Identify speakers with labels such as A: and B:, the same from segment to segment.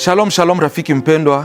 A: Shalom, shalom rafiki mpendwa,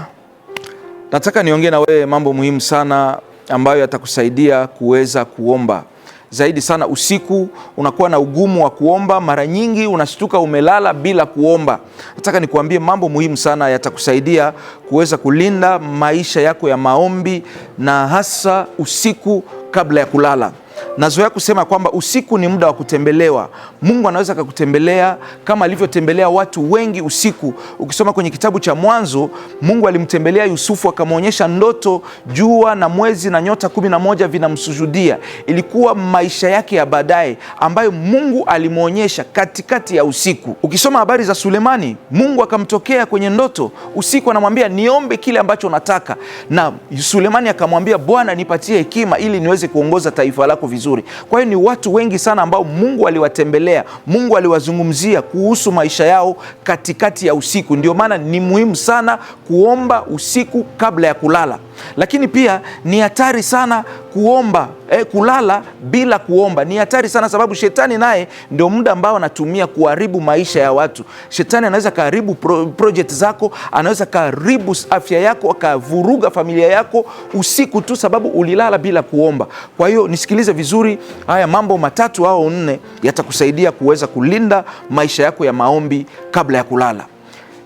A: nataka niongee na wewe mambo muhimu sana ambayo yatakusaidia kuweza kuomba zaidi sana. Usiku unakuwa na ugumu wa kuomba, mara nyingi unashtuka umelala bila kuomba. Nataka nikuambie mambo muhimu sana yatakusaidia kuweza kulinda maisha yako ya maombi, na hasa usiku kabla ya kulala. Nazoea kusema kwamba usiku ni muda wa kutembelewa. Mungu anaweza akakutembelea kama alivyotembelea watu wengi usiku. Ukisoma kwenye kitabu cha Mwanzo, Mungu alimtembelea Yusufu akamwonyesha ndoto, jua na mwezi na nyota kumi na moja vinamsujudia. Ilikuwa maisha yake ya baadaye ambayo Mungu alimwonyesha katikati ya usiku. Ukisoma habari za Sulemani, Mungu akamtokea kwenye ndoto usiku, anamwambia niombe kile ambacho unataka, na Sulemani akamwambia, Bwana nipatie hekima ili niweze kuongoza taifa lako vizuri vizuri. Kwa hiyo ni watu wengi sana ambao Mungu aliwatembelea, Mungu aliwazungumzia kuhusu maisha yao katikati ya usiku. Ndio maana ni muhimu sana kuomba usiku kabla ya kulala. Lakini pia ni hatari sana kuomba eh, kulala bila kuomba ni hatari sana, sababu shetani naye ndio muda ambao anatumia kuharibu maisha ya watu. Shetani anaweza kaharibu pro, project zako, anaweza kaharibu afya yako, akavuruga familia yako usiku tu, sababu ulilala bila kuomba. Kwa hiyo nisikilize vizuri, haya mambo matatu au nne yatakusaidia kuweza kulinda maisha yako ya maombi kabla ya kulala.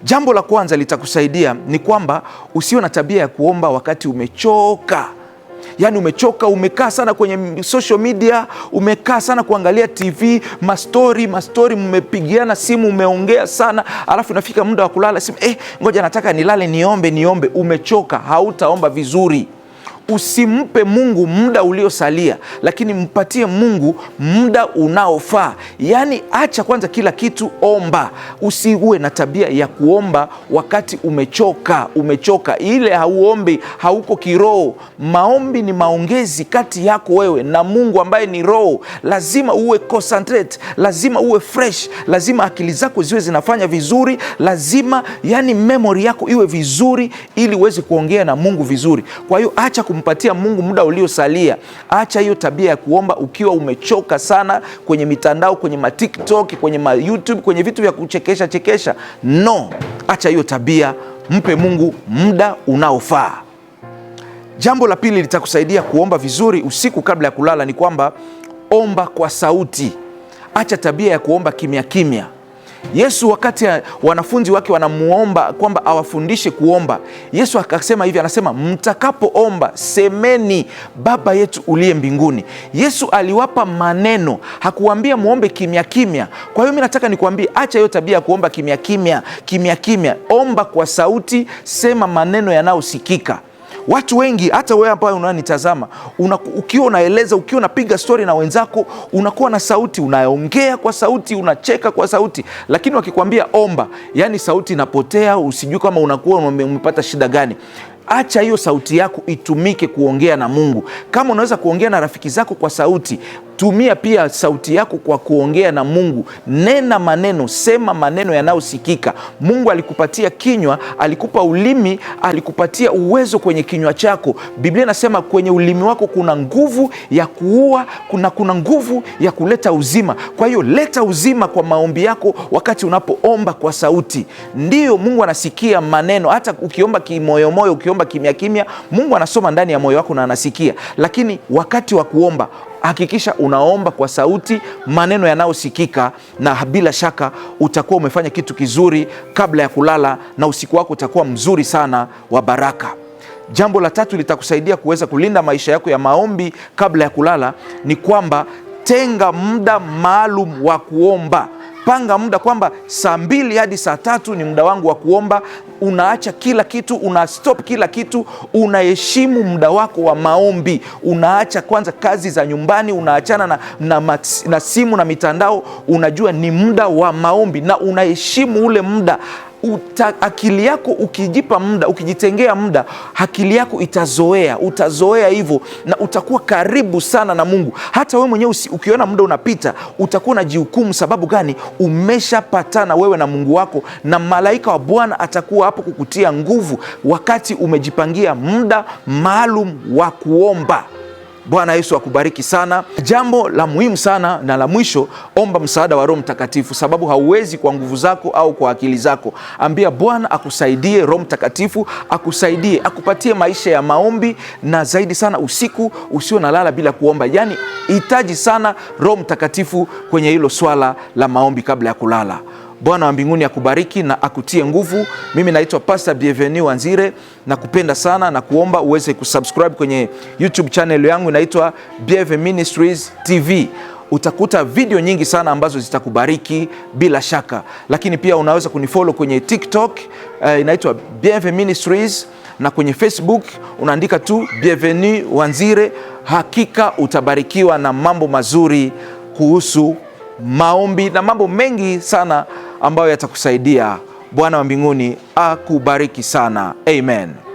A: Jambo la kwanza litakusaidia ni kwamba usiwe na tabia ya kuomba wakati umechoka. Yaani umechoka, umekaa sana kwenye social media, umekaa sana kuangalia TV, mastori mastori, mmepigiana simu, umeongea sana, alafu inafika muda wa kulala, simu eh, ngoja nataka nilale, niombe niombe. Umechoka, hautaomba vizuri. Usimpe Mungu muda uliosalia, lakini mpatie Mungu muda unaofaa. Yaani, acha kwanza kila kitu, omba. Usiwe na tabia ya kuomba wakati umechoka. Umechoka ile hauombi, hauko kiroho. Maombi ni maongezi kati yako wewe na Mungu ambaye ni roho. Lazima uwe concentrate, lazima uwe fresh, lazima akili zako ziwe zinafanya vizuri, lazima yani memory yako iwe vizuri, ili uweze kuongea na Mungu vizuri. Kwa hiyo acha kum kumpatia Mungu muda uliosalia. Acha hiyo tabia ya kuomba ukiwa umechoka sana kwenye mitandao, kwenye matiktok, kwenye mayoutube, kwenye vitu vya kuchekesha chekesha. No, acha hiyo tabia, mpe Mungu muda unaofaa. Jambo la pili litakusaidia kuomba vizuri usiku kabla ya kulala ni kwamba omba kwa sauti. Acha tabia ya kuomba kimya kimya. Yesu wakati wanafunzi wake wanamuomba kwamba awafundishe kuomba, Yesu akasema hivi, anasema mtakapoomba, semeni Baba yetu uliye mbinguni. Yesu aliwapa maneno, hakuwambia mwombe kimya kimya. Kwa hiyo mi nataka nikuambie, acha hiyo tabia ya kuomba kimya kimya kimya kimya, omba kwa sauti, sema maneno yanayosikika. Watu wengi hata wewe ambaye unanitazama una, ukiwa unaeleza ukiwa unapiga stori na wenzako unakuwa na sauti, unaongea kwa sauti, unacheka kwa sauti, lakini wakikwambia omba, yani sauti inapotea, usijui kama unakuwa umepata shida gani. Acha hiyo sauti yako itumike kuongea na Mungu. Kama unaweza kuongea na rafiki zako kwa sauti, tumia pia sauti yako kwa kuongea na Mungu. Nena maneno, sema maneno yanayosikika. Mungu alikupatia kinywa, alikupa ulimi, alikupatia uwezo kwenye kinywa chako. Biblia inasema kwenye ulimi wako kuna nguvu ya kuua, kuna kuna nguvu ya kuleta uzima. Kwa hiyo leta uzima kwa maombi yako wakati unapoomba kwa sauti. Ndiyo, Mungu anasikia maneno, hata ukiomba kimoyomoyo, ukiomba kimya kimya, Mungu anasoma ndani ya moyo wako na anasikia. Lakini wakati wa kuomba hakikisha unaomba kwa sauti, maneno yanayosikika, na bila shaka utakuwa umefanya kitu kizuri kabla ya kulala, na usiku wako utakuwa mzuri sana wa baraka. Jambo la tatu litakusaidia kuweza kulinda maisha yako ya maombi kabla ya kulala ni kwamba tenga muda maalum wa kuomba. Unapanga muda kwamba saa mbili hadi saa tatu ni muda wangu wa kuomba. Unaacha kila kitu, una stop kila kitu, unaheshimu muda wako wa maombi. Unaacha kwanza kazi za nyumbani, unaachana na, na, na, na simu na mitandao. Unajua ni muda wa maombi na unaheshimu ule muda uta, akili yako ukijipa muda, ukijitengea muda, akili yako itazoea, utazoea hivyo na utakuwa karibu sana na Mungu. Hata wewe mwenyewe ukiona muda unapita utakuwa unajihukumu. Sababu gani? Umeshapatana wewe na Mungu wako, na malaika wa Bwana atakuwa hapo kukutia nguvu, wakati umejipangia muda maalum wa kuomba. Bwana Yesu akubariki sana. Jambo la muhimu sana na la mwisho, omba msaada wa Roho Mtakatifu, sababu hauwezi kwa nguvu zako au kwa akili zako. Ambia Bwana akusaidie, Roho Mtakatifu akusaidie, akupatie maisha ya maombi, na zaidi sana usiku usio na lala bila kuomba. Yani hitaji sana Roho Mtakatifu kwenye hilo swala la maombi kabla ya kulala. Bwana wa mbinguni akubariki na akutie nguvu. Mimi naitwa Pastor Bienvenu Wanzire, kupenda sana na kuomba uweze kusubscribe kwenye YouTube channel yangu inaitwa Bienve Ministries TV. Utakuta video nyingi sana ambazo zitakubariki bila shaka, lakini pia unaweza kunifollow kwenye TikTok uh, inaitwa Bienvenu Ministries na kwenye Facebook unaandika tu Bienvenu Wanzire. Hakika utabarikiwa na mambo mazuri kuhusu maombi na mambo mengi sana ambayo yatakusaidia. Bwana wa mbinguni akubariki sana. Amen.